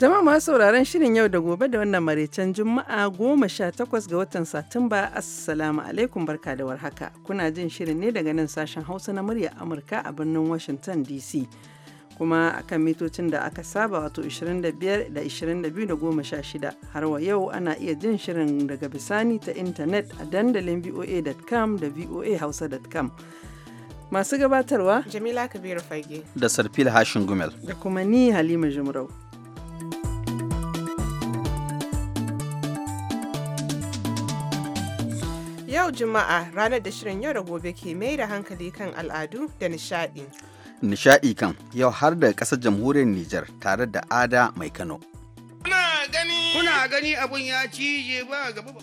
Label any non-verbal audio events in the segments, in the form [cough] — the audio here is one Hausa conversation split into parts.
Jama'a masu sauraron shirin yau da gobe da wannan maraicen Juma'a goma sha takwas ga watan Satumba Assalamu alaikum barka da warhaka. Kuna jin shirin ne daga nan sashen Hausa na murya Amurka a birnin Washington DC. Kuma akan mitocin da aka saba wato 25 da 22 da goma sha shida. Har wa yau ana iya jin shirin daga bisani ta intanet a dandalin voa.com da voahausa.com. Masu gabatarwa Jamila Kabiru Fage da Sarfil Hashin Gumel da kuma ni Halima Jumrau. Yau Juma'a ranar da shirin yau da gobe ke mai da hankali kan al'adu da nishadi. Nishadi kan yau har da ƙasar jamhuriyar Nijar tare da Ada Mai Kano. Kuna gani kuna gani abun ya cije ba gaba ba.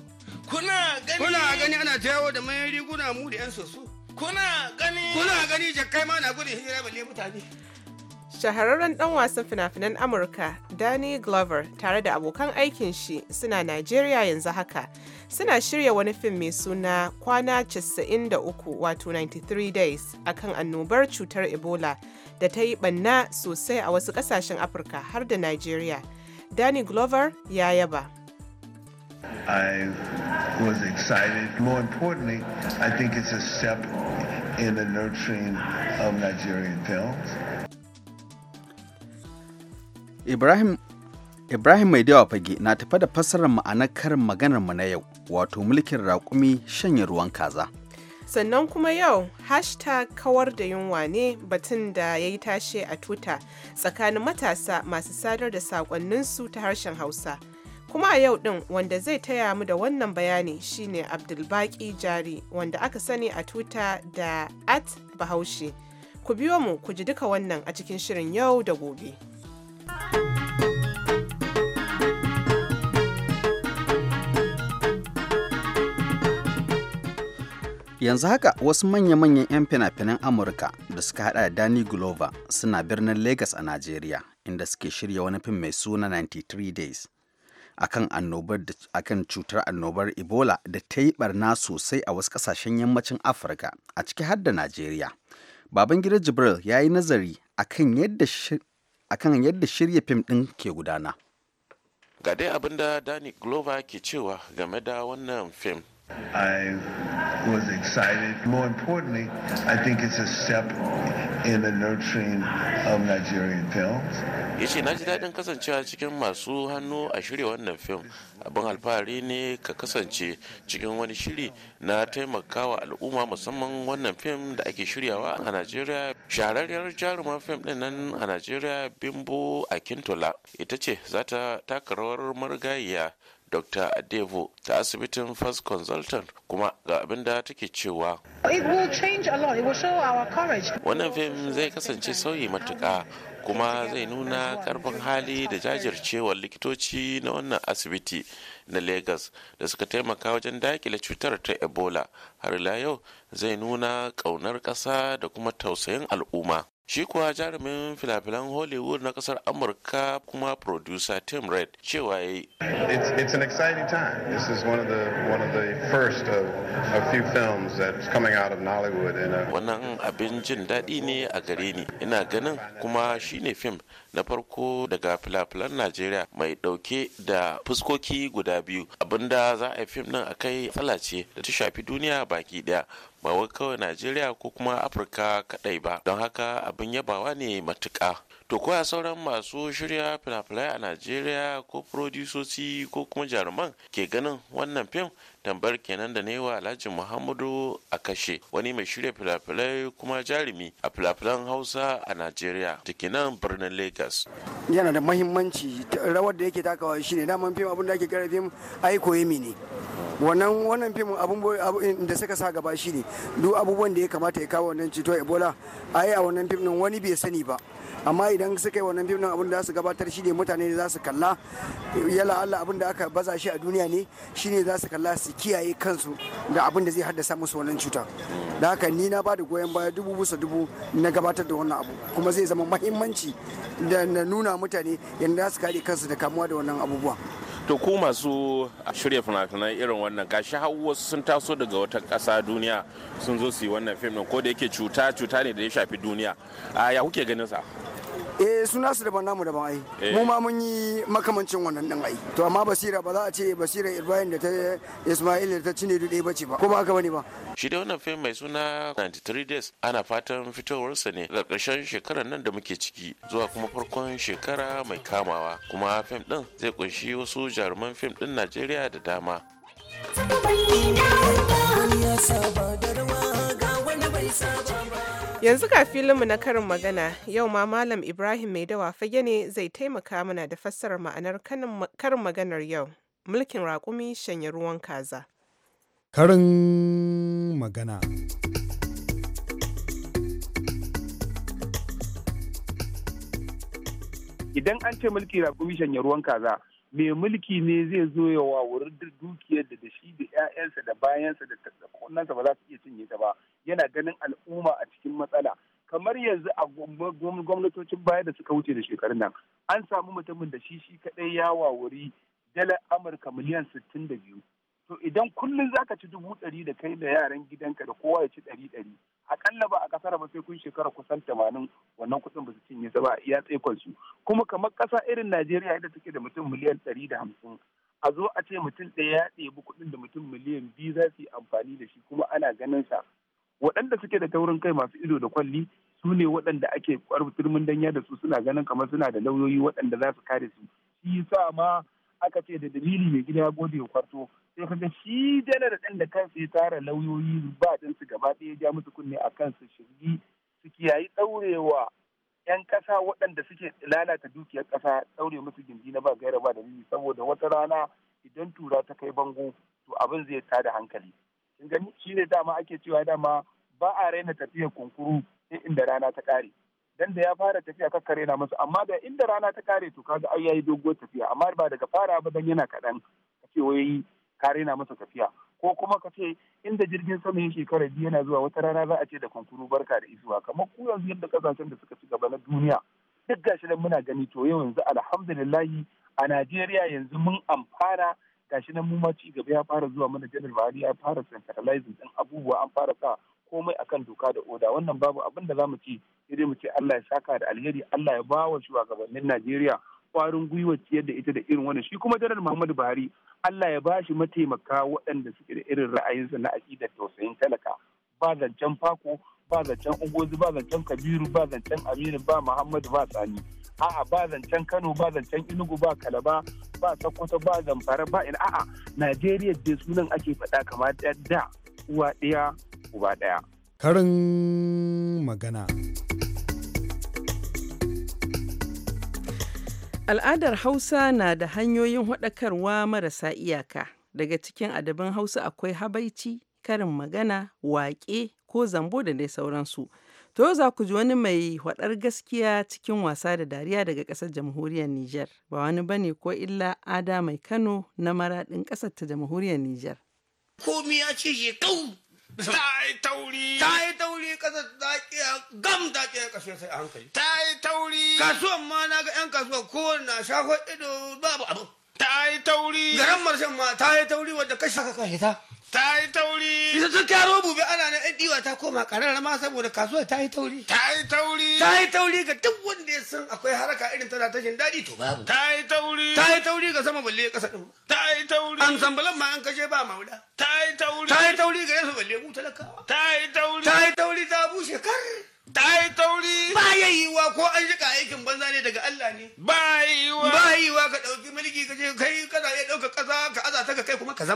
Kuna gani kuna gani ana jawo da mayan riguna mu da 'yan soso. Kuna gani kuna gani jakkai ma na gudun hijira balle mutane. shahararren ɗan wasan fina-finan amurka danny glover tare da abokan aikin shi suna Najeriya yanzu haka suna shirya wani fim mai suna kwana 93 wato 93 days akan annobar cutar ebola da ta yi banna sosai a wasu ƙasashen afirka har da Najeriya. danny glover ya yaba I was excited. More importantly, I think it's a step in the nurturing of Nigerian films. Ibrahim Ibrahim mai dawa fage na tafa da fassarar ma'anar karin maganar mu na yau wato mulkin raƙumi shanye ruwan kaza. Sannan kuma yau hashtag kawar da yunwa ne batun da ya yi tashe a tuta tsakanin matasa masu sadar da saƙonninsu ta harshen Hausa. Kuma a yau ɗin wanda zai taya mu da wannan bayani shine Abdulbaki Jari wanda aka sani a tuta da at Bahaushe. Ku biyo mu ku ji duka wannan a cikin shirin yau da gobe. yanzu haka wasu manya-manyan 'yan fina-finan amurka da suka hada da danny glover suna birnin lagos a nigeria inda suke shirya wani fim mai suna 93 days akan annobar cutar annobar ebola da ta yi barna sosai a wasu kasashen yammacin afirka a ciki har da nigeria baban gidan jibril ya yi nazari akan yadda shirya fim ɗin ke gudana ga dai abin da danny glover ke cewa game da wannan fim I was excited. More importantly, I think it's a step in the nurturing of Nigerian films. ya na ji daɗin kasancewa cikin masu hannu a shirya wannan fim abin alfahari ne ka kasance cikin wani shiri na taimakawa al'umma musamman wannan fim da ake shiryawa a najeriya shahararriyar jaruman fim ɗin nan a najeriya bimbo akintola ita ce za ta taka rawar marigayiya dr adevo ta asibitin first consultant kuma ga abin da take cewa wannan fim zai kasance sauyi matuka kuma zai nuna karfin hali da jajircewar likitoci na wannan asibiti na lagos da suka taimaka wajen dakile cutar ta ebola har ila yau zai nuna kaunar ƙasa da kuma tausayin al'umma shi kuwa jarumin filafilan hollywood na kasar amurka kuma producer tim red cewa ya yi it's an exciting time this is one of the one of the first of a few films that's coming out of nollywood wannan abin jin daɗi ne a gare ni ina ganin kuma shine fim na farko daga filafilan najeriya mai ɗauke da fuskoki guda biyu abinda za a yi fim nan akai tsala ce da ta shafi duniya baki ɗaya ba wai kawai najeriya ko kuma afirka kadai ba don haka abin yabawa ne matuka to koya sauran masu shirya fina-finai a najeriya ko furodusoci ko kuma jaruman ke ganin wannan fim tambar kenan da ne wa alhaji muhammadu a kashe wani mai shirya filafilai kuma jarumi a filafilan hausa a nigeria. da ke nan birnin lagos yana da mahimmanci rawar da yake takawa shine daman fim abin da ake kira fim ai koyemi ne wannan wannan fim abun da suka sa gaba shi ne duk abubuwan da ya kamata ya kawo wannan cutar ebola a yi a wannan fim nan wani bai sani ba amma idan suka yi wannan fim nan abin da su gabatar shi ne mutane za su kalla yala Allah abin da aka baza shi a duniya ne shi ne za su kalla su kiyaye kansu da abin da zai haddasa musu wannan cuta da haka ni na bada goyon baya dubu busa dubu na gabatar da wannan abu kuma zai zama mahimmanci da na nuna mutane yadda za su kare kansu da kamuwa da wannan abubuwa to ku masu shirya fina-finan irin wannan gashi har wasu sun taso daga wata ƙasa duniya sun zo su yi wannan fim ko da yake cuta cuta ne da ya shafi duniya a ya kuke ganin sa eh suna su daban namu daban ai eh. mu ma mun yi makamancin wannan din ai to amma basira ba za a ce basira ibrahim da ta ismail da ta cine dudai bace ba ko ba haka bane ba shi da wannan fim mai suna 93 days ana fatan fitowarsa ne ga ƙarshen shekarar nan da muke ciki zuwa kuma farkon shekara mai kamawa kuma fim din zai kunshi wasu jaruman fim din najeriya da dama ya da rawa ga Yanzu ga filinmu na karin magana, yau ma Malam Ibrahim Maidawa fage ne zai taimaka mana da fassarar ma'anar karin maganar yau. Mulkin raƙumi shanye ruwan kaza. Karin magana. Idan an ce mulki raƙumi shanye ruwan kaza, mai mulki ne zai zo ya wawuri dukiyar da da shi da 'ya'yansa da bayansa da tattakunansa ba za su iya cinye ta ba yana ganin al'umma a cikin matsala kamar yanzu a gwamnatocin baya da suka wuce da shekarun nan an samu mutumin da shi shi kadai ya wawuri dalar amurka miliyan sittin da biyu to idan kullum zaka ci dubu ɗari da kai da yaran gidanka da kowa ya ci ɗari ɗari akalla ba a kasar ba sai kun shekara kusan tamanin wannan kusan ba su cinye ta ba iya tsaikon su kuma kamar ƙasa irin najeriya yadda take da mutum miliyan ɗari da hamsin a zo a ce mutum ɗaya ya ɗebi kuɗin da mutum miliyan biyu za su yi amfani da shi kuma ana ganin sa waɗanda suke da taurin kai masu ido da kwalli su ne waɗanda ake ƙwarfi turmin danya da su suna ganin kamar suna da lauyoyi waɗanda za su kare su shi sa ma aka ce da dalili mai gida gode kwarto sai kaga shi janar ɗan da kansa ya tara lauyoyi ba su gaba ɗaya ya ja musu kunne a kansu shirgi su kiyayi ɗaurewa 'yan ƙasa waɗanda suke lalata dukiyar ƙasa ɗaure musu gindi na ba gaira ba dalili saboda wata rana idan tura ta kai bango to abin zai ta da hankali kin gani shine dama ake cewa dama ba a raina tafiyar kunkuru sai inda rana ta ƙare dan da ya fara tafiya kakkare na musu amma da inda rana ta kare to kaga ai yayi dogo tafiya amma ba daga fara ba dan yana kadan kace wai kare na masa tafiya ko kuma kace inda jirgin sama ya shekara biyu yana zuwa wata rana za a ce da kunkuru barka da isuwa kamar ku yanzu yadda kasashen da suka ci gaba na duniya duk gashi nan muna gani to yau yanzu alhamdulillahi a Najeriya yanzu mun amfana gashi nan mu ma ci gaba ya fara zuwa mana janar ya fara centralizing din abubuwa an fara sa komai akan doka da oda wannan babu abin da mu ci sai dai mu ce Allah ya saka da alheri Allah ya ba wa shugabannin Najeriya kwarin gwiwa ciyar da ita da irin wannan shi kuma janar Muhammadu Buhari Allah ya ba shi mataimaka waɗanda suke da irin ra'ayinsa na aƙidar tausayin talaka ba zancen fako ba zancen ungozi ba zancen kabiru ba zancen aminu ba muhammadu ba sani a'a ba zancen kano ba zancen inugu ba kalaba ba sokoto ba zamfara ba ina a'a najeriya da sunan ake faɗa kamar da uwa ɗaya uba daya. Karin magana. Al'adar Hausa na da hanyoyin waɗakarwa marasa iyaka. Daga cikin adabin Hausa akwai habaici, karin magana, waƙe ko zambo da dai sauransu. To za ku ji wani mai haɗar gaskiya cikin wasa da dariya daga ƙasar jamhuriyar Nijar. Ba wani ba ne ko illa ada mai Kano na maraɗin ƙasar ta jamhuriyar Nijar. Komi ya ce kau ta yi tauri ta yi tauri kasa ta kiya gam ta kiya kashe sai a hankali ta yi tauri kasuwan ma na ga yan kasuwa kowane na shafa ido babu abu ta yi tauri garan marshen ma ta yi tauri wadda kashi saka ka hita ta yi tauri ita tun taro bube ana na ɗan ɗiwa ta koma ƙararra ma saboda kasuwar ta yi tauri ta yi tauri ta yi tauri ga duk wanda ya san akwai haraka irin tana ta daɗi to babu ta yi tauri ta yi tauri ga sama balle ƙasa ɗin ta yi tauri an san balan ma an kashe ba mauda ta yi tauri ta yi tauri ga yasu balle mu talakawa ta yi tauri ta yi tauri ta bushe kar ta yi tauri ba ya yi wa ko an shiga aikin banza ne daga Allah ne ba yi wa. ba yi wa ka ɗauki mulki ka je kai kana iya ɗauka ƙasa ka ka Ba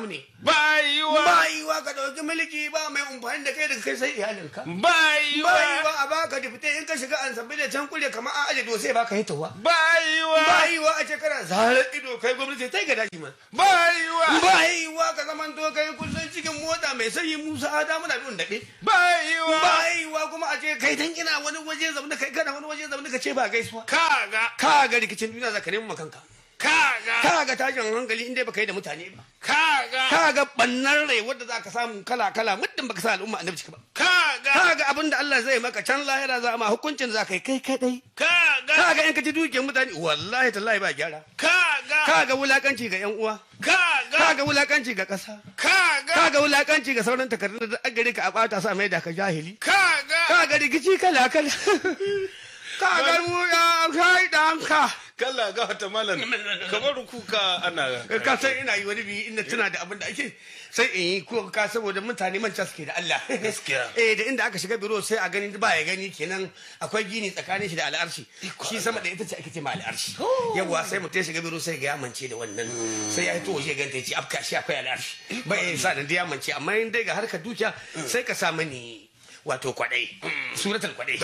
bayiwa bayiwa ka dauki mulki ba mai amfani da kai daga kai sai iyalinka bayiwa bayiwa a baka dubte in ka shiga an sabbi da can kure kamar a aje dosai baka Ba bayiwa bayiwa a ce kana zarar ido kai gwamnati tai ga daji Ba bayiwa bayiwa ka zaman to kai kullun cikin mota mai sanyi Musa Adamu na bin dade bayiwa bayiwa kuma a ce kai dan ina wani waje zamna kai kana wani waje zaune ka ce ba gaisuwa kaga kaga rikicin duniya zaka nemi makanka kaga kaga tashin hankali inda baka yi da mutane ba kaga kaga bannar rai wadda zaka samu kala kala muddin baka sa al'umma annabi ba kaga kaga abin da Allah zai maka can lahira za a hukuncin za kai kai kadai kaga kaga in ka ji dukiyar mutane wallahi tallahi ba gyara kaga kaga wulakanci ga yan uwa kaga kaga wulakanci ga kasa kaga kaga wulakanci ga sauran takardun da agare ka a bata sa mai da ka jahili kaga kaga rigici kala kala [laughs] kaga mu ya kai wanka kalla ga wata malam kamar kuka ana eh, ka san ina yi wani biyu ina tana da abin da ake sai in yi ka saboda mutane manta suke da Allah [laughs] eh da inda aka shiga biro sai a gani ba ya gani kenan akwai gini tsakanin shi da al'arshi shi sama da ita ce ake ce ma al'arshi oh. yawa sai mutum ya shiga biro sai ga ya mance da wannan sai ya fito waje ganta ya ce afka shi akwai al'arshi ba ya sa da ya mance amma in dai ga harkar dukiya mm. sai ka sa mani wato kwadai mm. suratul kwadai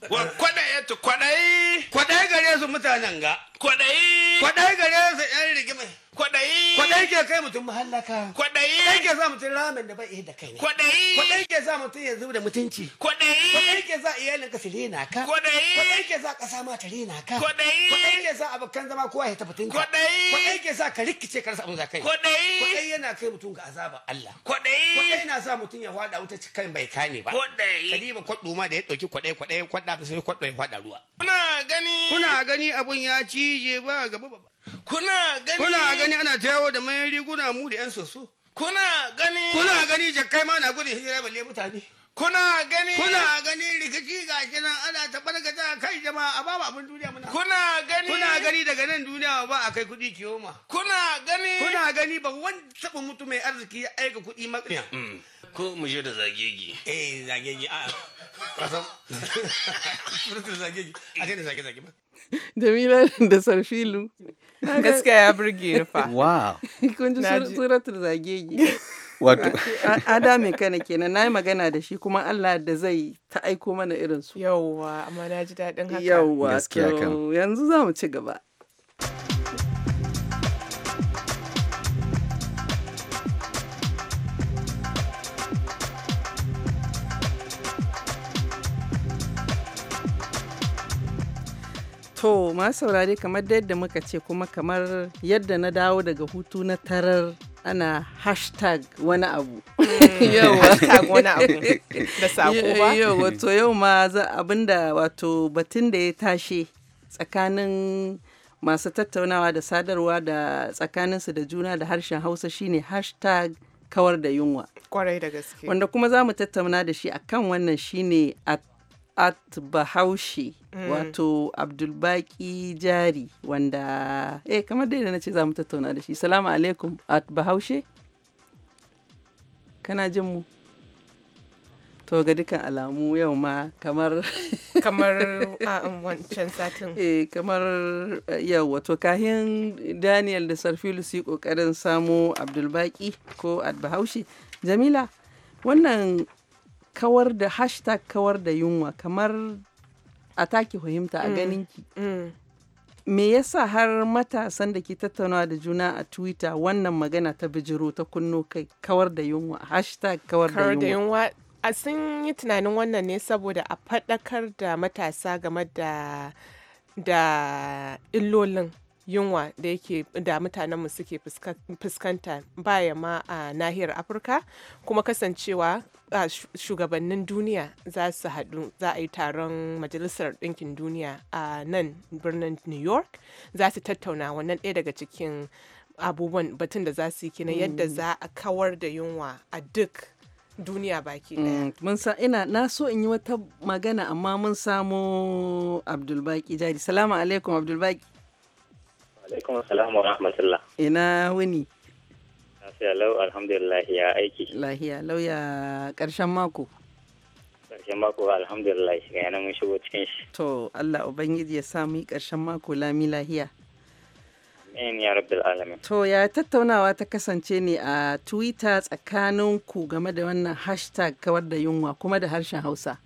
Kwaɗaye kwaɗayi. Kwaɗayi gare su mutanen ga. Kwaɗayi. Kwaɗayi ne su ‘yan rigima. Kwaɗayi. Kwaɗayi ke kai mutum mahallaka. Kwaɗayi. Kwaɗayi ke sa mutum ramen da bai da kai ne. Kwaɗayi. Kwaɗayi ke sa mutum ya zuba da mutunci. Kwaɗayi. Kwaɗayi ke sa iyalin ka su rena ka. Kwaɗayi. Kwaɗayi ke sa ƙasa ma ta rena ka. Kwaɗayi. Kwaɗayi ke sa abokan zama kowa ya tafi tun ka Kwaɗayi. Kwaɗayi ke sa ka rikice ka rasa abin za kai. Kwaɗayi. Kwaɗayi yana kai mutum ga azabar Allah. Kwaɗayi. Kwaɗayi na sa mutum ya hwada wuta cikin bai kane ba. Kwaɗayi. Kadiba kwaɗo ma da ya ɗauki kwaɗayi kwaɗayi kwaɗa sai kwaɗo ya faɗa ruwa. Na gani kuna gani abun ya cije ba gaba ba kuna gani kuna gani ana tayawo da mayan riguna mu da yan soso kuna gani kuna gani jakkai ma na gudun hijira balle mutane kuna gani kuna gani rikici ga kinan ana ta barkata kai jama'a a babu abin duniya muna kuna gani kuna gani daga nan duniya ba a kai kuɗi ma kuna gani kuna gani ba wani taɓa mutu mai arziki ya aika kuɗi makiya mm. ko mu je da zagegi eh zagegi a kasan zagegi a kai da zage zage ba Jamila da Sarfilu. Gaskiya ya burge fa Wow. Kun ji suratul zagegi. wato ada mai kana kenan na yi magana da shi kuma Allah da zai ta aiko mana irin su yawwa amma na ji daɗin haka yawwa yanzu za mu ci gaba To, masu saurare kamar yadda muka ce kuma kamar yadda na dawo daga hutu na tarar ana hashtag wani abu mm. [laughs] yau wato yau ma abinda wato batun da ya tashi tsakanin masu tattaunawa da sadarwa da tsakaninsu da juna da harshen hausa shine hashtag kawar da yunwa kwarai da gaske wanda kuma za mu tattauna da shi akan wannan shine a at bahaushe mm. wato abdulbaki jari wanda eh kamar dai da na ce za mu tattauna da shi salamu alaikum at bahaushe kana jin mu to ga dukkan alamu yau ma kamar [laughs] kamar um, wancan satin eh kamar eh, yau wato kahin daniel da sarfilu su yi kokarin samu abdulbaki ko at bahaushe jamila wannan kawar da hashtag kawar da yunwa kamar a take fahimta a mm. ganin ki. Mm. me yasa har matasan da ke tattaunawa da juna a twitter wannan magana ta bijiro ta kunno kai kawar da yunwa hashtag kawar da yunwa a sun yi tunanin wannan ne saboda a faɗakar da matasa game da da illolin yunwa da yake da mutanenmu suke fuskanta baya ma a nahiyar afirka kuma kasancewa shugabannin duniya za su haɗu za a yi taron majalisar ɗinkin duniya a nan birnin new york za su tattauna wannan ɗaya daga cikin abubuwan batun da za su yi kina yadda mm. za a kawar da yunwa a duk duniya baki daya. Mm, mun sa ina na so in yi wata magana amma mun samu Abdulbaki Jari. Salamu alaikum Abdulbaki. Alaikum salam wa rahmatullah. Ina wuni. Lafiya lau alhamdulillah ya aiki. Lafiya lau ya ƙarshen mako. Ƙarshen mako alhamdulillah ga yana mun shigo cikin shi. To Allah Ubangiji ya sa yi ƙarshen mako lami lahiya. Amin ya rabbil alamin. To ya tattaunawa ta kasance ne a Twitter tsakanin ku game da wannan hashtag kawar da yunwa kuma da harshen Hausa.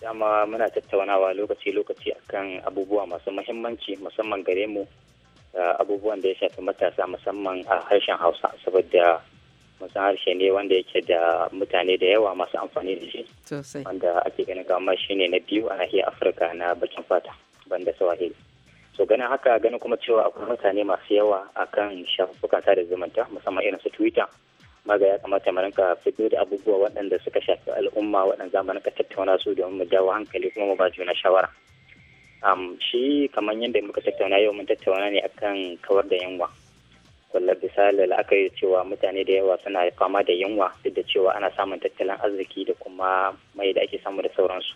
dama muna tattaunawa lokaci-lokaci akan abubuwa masu mahimmanci musamman gare mu abubuwan da ya shafi matasa musamman a harshen hausa saboda musan harshe ne wanda yake da mutane da yawa masu amfani da shi wanda ake ganin kama shi ne na biyu a nahiyar afirka na bakin fata banda swahili so ganin haka ganin kuma cewa akwai mutane masu yawa akan shafukan sada zumunta musamman irin su twitter maga ya kamata mu fito da abubuwa waɗanda suka shafi al'umma waɗanda za mu rinka tattauna su domin mu jawo hankali kuma mu ba juna shawara um, shi kamar yadda muka tattauna yau mun tattauna ne akan kawar da yunwa walla aka la'akari cewa mutane da yawa suna fama da yunwa duk da cewa ana samun tattalin arziki da kuma mai da ake samu da sauransu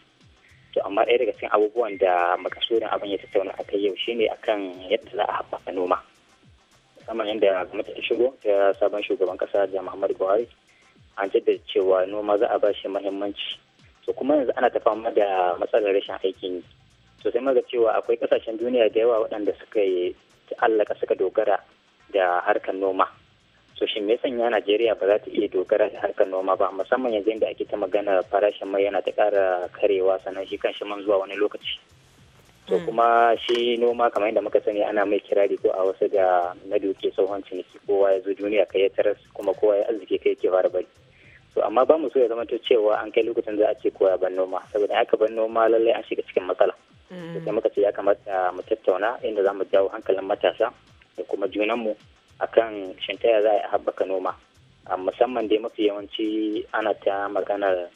to amma ɗaya daga cikin abubuwan da makasudin abin ya tattauna a kai yau shine akan yadda za a haɓaka noma musamman yadda gwamnati ta shigo ta sabon shugaban kasa da muhammadu buhari an da cewa noma za a ba shi muhimmanci to kuma yanzu ana ta fama da matsalar rashin aikin yi to sai maga cewa akwai kasashen duniya da yawa waɗanda suka yi allaka suka dogara da harkar noma to shin me sanya Najeriya ba za ta iya dogara da harkar noma ba musamman yanzu inda ake ta magana farashin mai yana ta ƙara karewa sannan shi kan shi man zuwa wani lokaci to hmm. kuma shi noma kamar yadda muka sani ana mai kirari ko a wasu ga na duke tsohon ciniki kowa ya zo duniya kai ya taras kuma kowa ya arziki kai ke fara bari to amma ba mu so ya zama to cewa an kai lokacin za a ce kowa ban noma saboda haka ban noma lallai an shiga cikin matsala hmm. sai muka ce ya kamata mu tattauna inda za mu jawo hankalin matasa da kuma junanmu akan shintaya za a haɓaka noma musamman dai mafi yawanci ana ta maganar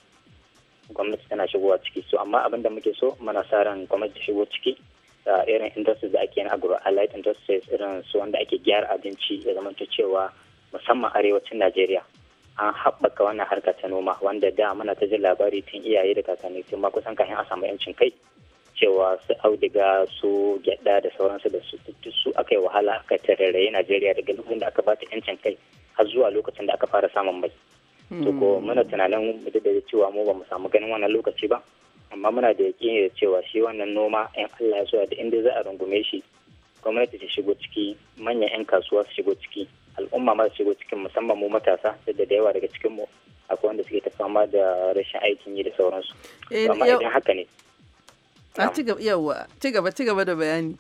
gwamnati tana shigowa ciki so amma abin da muke so muna sa ran gwamnati shigo ciki da irin industries da ake yin agro allied industries irin su wanda ake gyara abinci ya zamanto cewa musamman arewacin Najeriya an haɓaka wannan harka ta noma wanda da muna ta jin labari tun iyaye da kakanni tun ma kusan kafin a samu yancin kai cewa su audiga su gyada da sauransu da su su aka yi wahala aka tarare Najeriya daga lokacin da aka bata yancin kai har zuwa lokacin da aka fara samun mai to ko hmm. muna tunanin duk da cewa mu ba mu samu ganin wannan lokaci ba amma muna da yaƙi da cewa shi wannan noma in Allah ya so da inda za a rungume shi gwamnati ta shigo ciki manyan yan kasuwa su shigo ciki al'umma ma su shigo cikin musamman mu matasa da da yawa daga cikin mu akwai wanda suke ta fama da rashin aikin yi da sauransu eh, amma idan haka ne a ci gaba ci gaba da bayani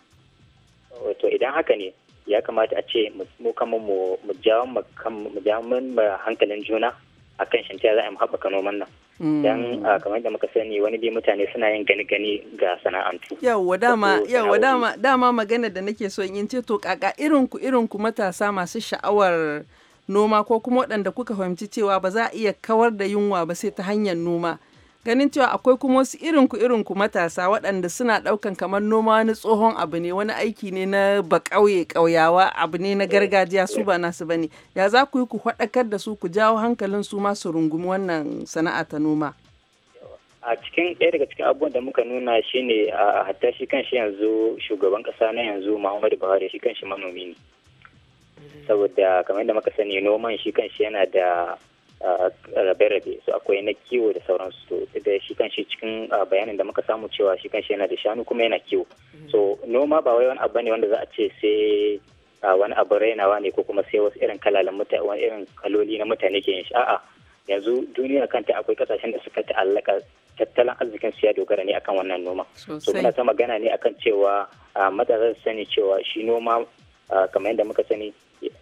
oh, to idan haka ne ya kamata a ce mu kama mu jawo mu hankalin juna akan ta za a yi haɓaka noman nan. Mm. Dan ah, kamar da muka sani wani bi mutane suna yin gani-gani ga sana'antu. Yawwa dama yawwa dama dama magana da nake so in ce to kaka irin ku matasa masu sha'awar noma ko kuma waɗanda kuka fahimci cewa ba za a iya kawar da yunwa ba sai ta hanyar noma. ganin cewa akwai kuma wasu irin ku irin ku matasa waɗanda suna ɗaukan kamar noma wani tsohon abu ne wani aiki ne na ba ƙauye ƙauyawa abu ne na gargajiya su ba nasu bane ya za ku yi ku faɗakar da su ku jawo hankalin su ma su rungumi wannan sana'a ta noma a cikin ɗaya daga cikin abubuwan da muka nuna shine a hatta shi shi yanzu shugaban ƙasa na yanzu Muhammadu Buhari shi kan shi manomi ne saboda kamar yadda muka sani noman shi kan shi yana da rabe-rabe su akwai na kiwo da sauransu da shi kan shi cikin bayanin da muka samu cewa shi kan shi yana da shanu kuma yana kiwo mm-hmm. so noma ba wai wani abu ne wanda za a ce sai wani abu rainawa ne ko kuma sai wasu irin kalalan mutane wani irin kaloli na mutane ke yin shi a'a yanzu duniya kanta akwai kasashen da suka ta'allaka tattalin arzikin su ya dogara ne akan wannan noma so muna ta magana ne akan cewa matasa sani cewa shi noma kamar yadda muka sani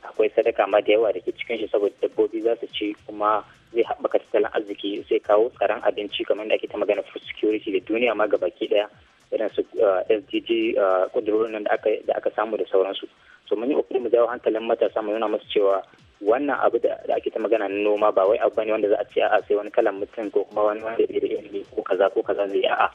akwai sadaka ma da yawa da ke cikin shi saboda dabbobi za su ci kuma zai haɓaka tattalin arziki zai kawo tsaron abinci kamar da ake ta magana food security da duniya ma gabaki daya irin su eh, sdg kudurorin eh, nan da aka samu da sauransu so mun yi ƙoƙari mu jawo hankalin matasa mu nuna musu cewa wannan abu da ake ta magana na noma ba wai abu bane wanda za a ce a'a sai wani kalan mutum ko kuma wani wanda bai da ilimi ko kaza ko kaza zai a'a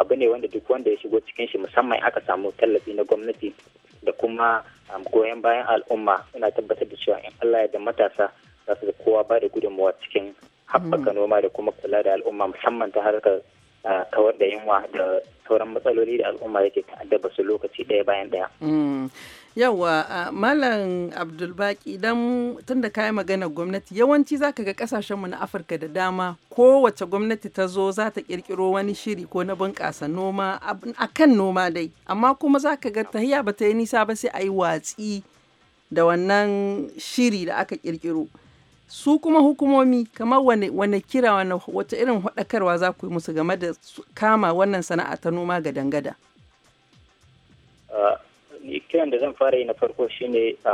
abu ne wanda duk wanda ya shigo cikin shi musamman aka samu tallafi na gwamnati da kuma goyon bayan al'umma ina tabbatar da cewa in Allah ya da matasa za su kowa ba da gudunmawa cikin haɓaka mm. noma da kuma kula da al'umma musamman ta harkar kawar da yunwa da sauran matsaloli da al'umma yake ta'addaba su lokaci ɗaya bayan ɗaya. Mm. Yawa uh, Malam Abdulbaki idan tun da kayan magana gwamnati yawanci zaka ga kasashenmu na Afirka da dama kowace gwamnati ta zo za ta kirkiro wani shiri ko na bunƙasa noma akan noma dai amma kuma zaka ga tahiya ba ta yi nisa ba sai a yi watsi da wannan shiri da aka kirkiro. su kuma hukumomi kamar wane, wane kira wane, wata irin haɗakarwa za ku yi musu game da kama wannan sana'a ta noma ga dangada? kiran da zan fara yi na farko shine a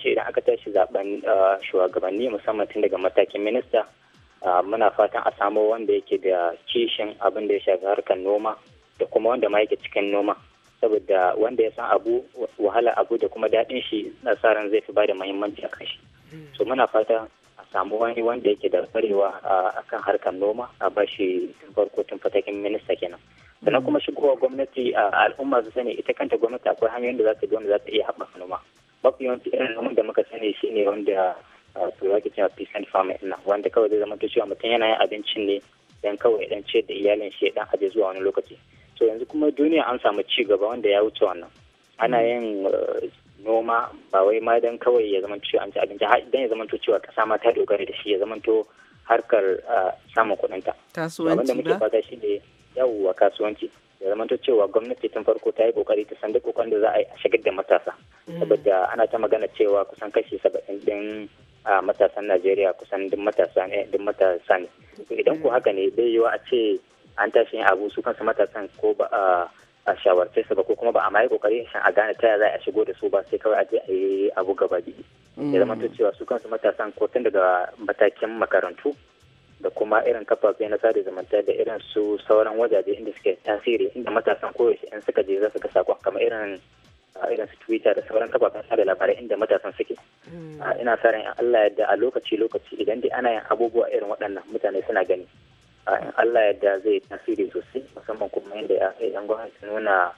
shi idan aka tashi zaben shugabanni musamman tun daga matakin minista muna fatan a samo wanda yake da kishin abin da ya shafi harkar noma da kuma wanda ma yake cikin noma saboda wanda ya san abu wahala abu da kuma daɗin shi na zai fi bada muhimmanci a kashi hmm. so muna fata a samu wani wanda yake da kwarewa a kan harkar noma a bashi tun farko tun fatakin minista kenan sannan kuma shigowa gwamnati a al'umma su sani ita kanta gwamnati akwai hanyoyin da za ta gwamnati za ta iya haɓaka noma mafi yawanci irin noman da muka sani ne wanda turawa ke cewa peace and farming wanda kawai zai zama to cewa mutum yana yin abincin ne dan kawai dan ciyar da iyalin shi dan aje zuwa wani lokaci to yanzu kuma duniya an samu ci gaba wanda ya wuce wannan ana yin noma ba wai ma dan kawai ya zama cewa an ci abinci dan ya zama to cewa kasa ma ta dogara da shi ya zama to harkar samun kuɗinta. Kasuwanci ba? Wanda da muke fata shi ne yawwa kasuwanci ya ta cewa gwamnati tun farko ta yi kokari ta sanda duk da za a yi a shigar da matasa mm. saboda ana ta magana cewa kusan kashi saba'in din a matasan najeriya kusan duk matasa ne duk matasa ne idan ko mm. haka ne bai yiwa a ce an tashi yin abu su kansu matasan ko ba a shawarce su ba ko kuma ba a mai kokari shan a gane taya za a shigo da su ba sai kawai a je a yi abu gaba biyu ya mm. zama cewa su kansu matasan ko tun daga matakin makarantu da kuma irin kafafe na sada zumunta da irin su sauran wajaje inda suke tasiri inda matasan koyaushe in suka je za su ga sakon kamar irin irin su twitter da sauran kafafen sada labarai inda matasan suke hmm. ina sa ran Allah yadda a lokaci lokaci idan dai ana yin abubuwa irin waɗannan mutane suna gani in Allah yadda zai tasiri sosai musamman kuma yadda yan gwamnati nuna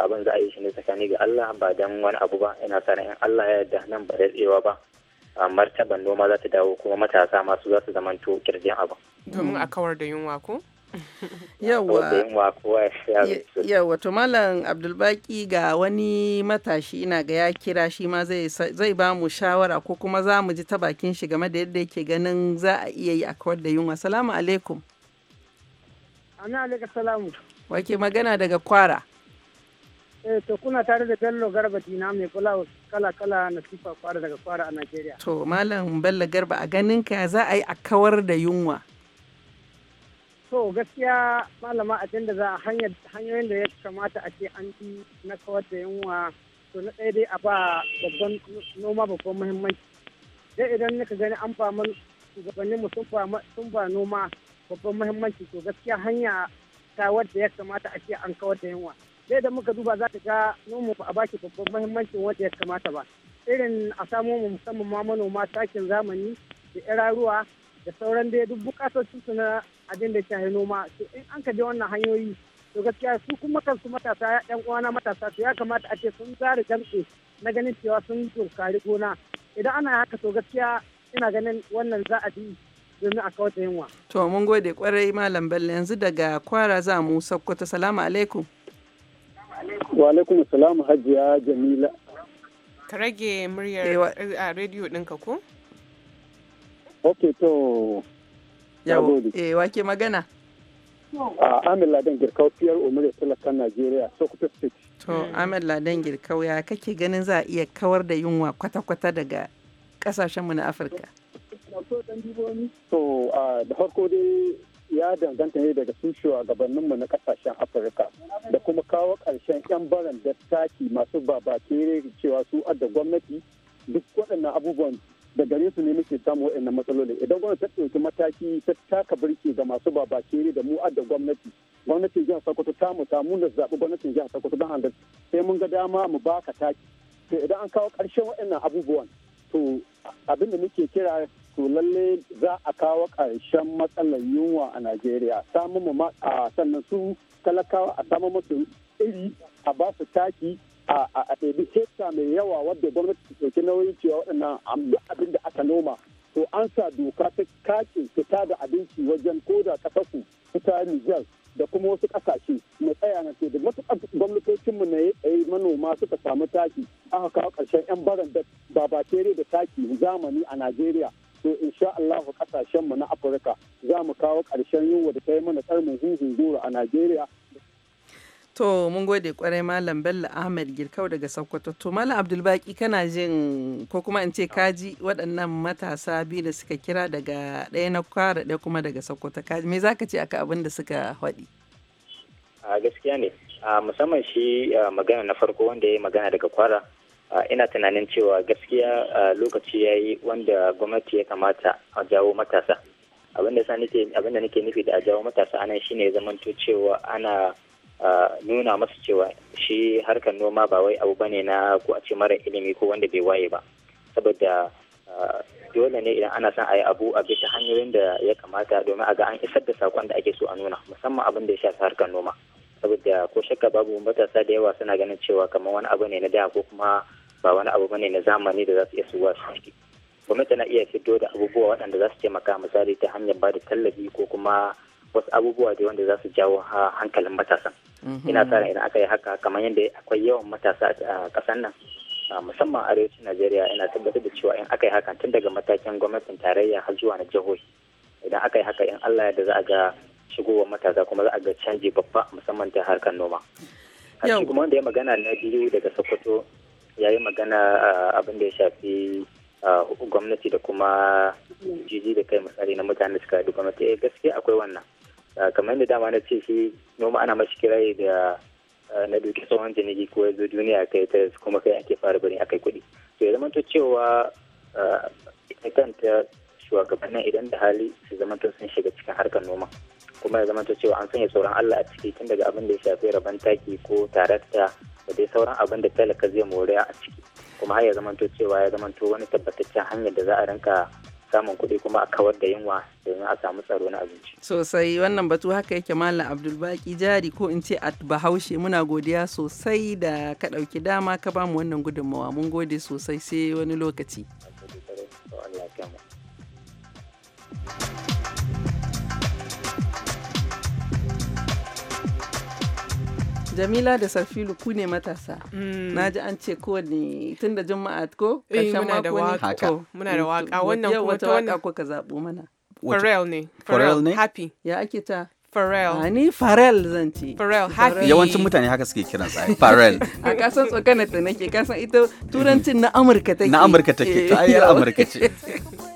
abin za a yi shi ne tsakani ga Allah ba dan wani abu ba ina sa ran Allah yadda nan ba tsewa ba martaban noma za ta dawo kuma matasa masu za su zamanto kirjin abu. Domin a kawar da yunwa ko? [laughs] yawa to malam abdulbaki ga wani matashi ina ga ya kira shi ma zai ba mu shawara ko kuma za mu ji ta bakin shi game da yadda yake ganin za a iya yi a kawar da yunwa salamu alaikum ana alaikum salamu wake magana daga kwara Eh to kuna tare da Bello Garba Dina mai kula kala kala na sifa fara daga fara a Najeriya. To Malam Bello Garba a ganin ka za a yi a kawar da yunwa. To gaskiya malama a da za a hanyoyin da ya kamata a ce an bi na kawar da yunwa to na ɗaya dai a ba babban noma babban muhimmanci. Dai idan nika gani an fama shugabannin mu sun ba noma babban muhimmanci to gaskiya hanya ta wadda ya kamata a ce an kawar da yunwa. sai da muka duba za ta ga nomo a baki babban mahimmancin wanda ya kamata ba irin a samo mu musamman ma manoma takin zamani da ruwa da sauran dai duk bukatar su na abin da shahi noma to in an ka je wannan hanyoyi to gaskiya su kuma kansu matasa yan uwana matasa to ya kamata a ce sun zara jamtse na ganin cewa sun tunkari gona idan ana haka to gaskiya ina ganin wannan za a bi domin a kawata yunwa. To mun gode kwarai Malam Bello yanzu daga kwara za mu Sokoto. Salamu alaikum. Wa alaikum salam hajiya Jamila. Ka rage muryar eh, a rediyo ɗinka ko? Ok to. Yawo, eh wake magana. A Amir Laden Girkau fiyar umar talakan Najeriya, Sokoto State. To, Amin Laden, Girkau ya kake ganin za a iya kawar da yunwa kwata-kwata daga kasashenmu na Afirka? To, da farko dai ya danganta ne daga su mu na kasashen afirka da kuma kawo karshen 'yan baran da taki masu babakere cewa su adda gwamnati duk waɗannan abubuwan da gare su ne muke samu waɗannan matsaloli idan gwamnati ta ɗauki mataki ta taka birki ga masu babakere da mu adda gwamnati gwamnatin jihar sokoto ta mu ta mu da zaɓi gwamnatin jihar sokoto don sai mun ga dama mu baka taki to idan an kawo ƙarshen waɗannan abubuwan to abin da muke kira to lalle za a kawo ƙarshen matsalar yunwa a najeriya sannan su talakawa a samu musu iri a ba su taki a ɗabi hekta mai yawa wadda gwamnati ta ɗauki nauyin cewa waɗannan abin da aka noma to an sa doka ta kake fita da abinci wajen koda da ku fita nijar da kuma wasu ƙasashe mu tsaya na ce da matuƙar gwamnatocinmu na yi manoma suka samu taki aka kawo ƙarshen 'yan baran da babatere da taki zamani a Najeriya to insha allahu kasashenmu na Afirka za mu kawo ƙarshen yunwa da ta yi mana tsarmin hunhun a Najeriya To mun gode kwarai Malam Bello Ahmed Girkau daga Sokoto. To Malam Abdulbaki kana jin ko kuma in ce kaji waɗannan matasa biyu da suka kira daga ɗaya na kwara ɗaya kuma daga Sokoto. Kaji me zaka ce aka abin da suka haɗi? A gaskiya ne. musamman shi magana na farko wanda ya yi magana daga kwara. ina tunanin cewa gaskiya lokaci ya yi wanda gwamnati ya kamata a jawo matasa. Abin da nake nufi da a jawo matasa anan shine zamanto cewa ana nuna masu cewa shi harkar noma ba wai abu bane na ko a ce mara ilimi ko wanda bai waye ba saboda dole ne idan ana son a yi abu a bisa hanyoyin da ya kamata domin a ga an isar da sakon da ake so a nuna musamman abin da ya shafi harkar noma saboda ko shakka babu matasa da yawa suna ganin cewa kamar wani abu ne na da ko kuma ba wani abu bane na zamani da za su iya suwa su ciki gwamnati na iya fito da abubuwa waɗanda za su taimaka misali ta hanyar ba da tallafi ko kuma wasu abubuwa da wanda za su jawo hankalin matasan Mhm. ina sa idan aka yi haka kamar yadda akwai yawan matasa a ƙasar nan musamman arewacin najeriya ina tabbatar da cewa in aka yi haka tun daga matakin gwamnatin tarayya har zuwa na jihohi idan aka yi haka in allah yadda za a ga shigowar matasa kuma za a ga canji babba musamman ta harkar noma shi kuma wanda ya magana na biyu daga sokoto ya yi magana abin da ya shafi gwamnati da kuma jiji da kai misali na mutane suka da gwamnati eh, gaskiya akwai wannan Ah, kamar da dama na ce shi noma ana mashi kirai da ah, na duki tsohon jinigi ko yanzu duniya kai ta kuma kai ake fara bari akai kuɗi to ya zamanta cewa ah, ita kanta shugabannin idan da hali su zamanta sun shiga cikin harkar noma kuma ya zamanta cewa an sanya sauran Allah a ciki tun daga abin da ya shafi rabon taki ko tarakta da dai sauran abin da talaka zai moriya a ciki kuma har ya zamanto cewa ya zamanto wani tabbataccen hanyar da za a rinka samun kuɗi kuma a kawar da yunwa domin a samu tsaro na abinci. Sosai wannan batu haka yake Malam Abdulbaki jari ko in ce at Bahaushe muna godiya sosai da ka ɗauki dama ka bamu wannan gudunmawa mun gode sosai sai wani lokaci. Jamila da Safilu ku ne matasa. Mm. Na ji an ce kowane tun da Juma'a ko eh, ƙarshen mako ne. Haka. Muna da waka mm, wannan kuma wata waka ko ka zaɓo mana. Pharrell ne. Pharrell ne? Happy. Ya ake ta? Pharrell. Ah, ni Pharrell zan ce. Pharrell, happy. Yawancin mutane haka suke kiran sa. Pharrell. [laughs] A kasan tsokanar ta nake, kasan ita turancin na Amurka take. Na Amurka take, ta ayyar [laughs] Amurka ce. [laughs]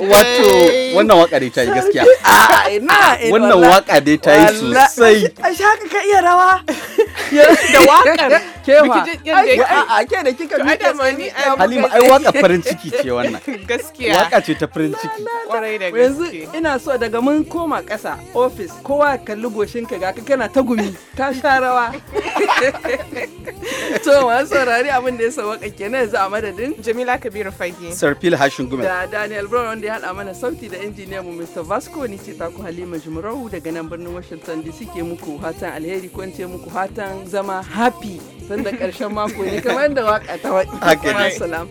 wato wannan waka dai ta yi gaskiya wannan waka dai ta yi sosai a shaka ka iya rawa [laughs] da wakar kewa a ke da kika mi da mani halima ai waka farin ciki ce wannan [laughs] gaskiya waka ce ta farin ciki kwarai da gaske yanzu ina so daga mun koma ƙasa ofis kowa ya kalli goshin ka ga kana ta gumi ka sha rawa [laughs] to masu saurari abin da ya sawaka kenan yanzu a madadin jamila kabiru fage sir sarfil hashin gumel da daniel brown wanda ya hada mana sauti da injiniya mu mr vasco ni ce taku halima jumrahu daga nan birnin washington dc ke muku hatan alheri ko ce muku hatan zama happy da ƙarshen mako ne kamar da waka ta [laughs] salam.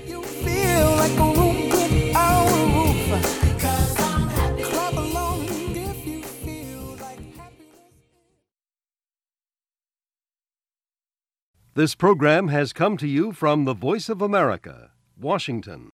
This program has come to you from the Voice of America, Washington.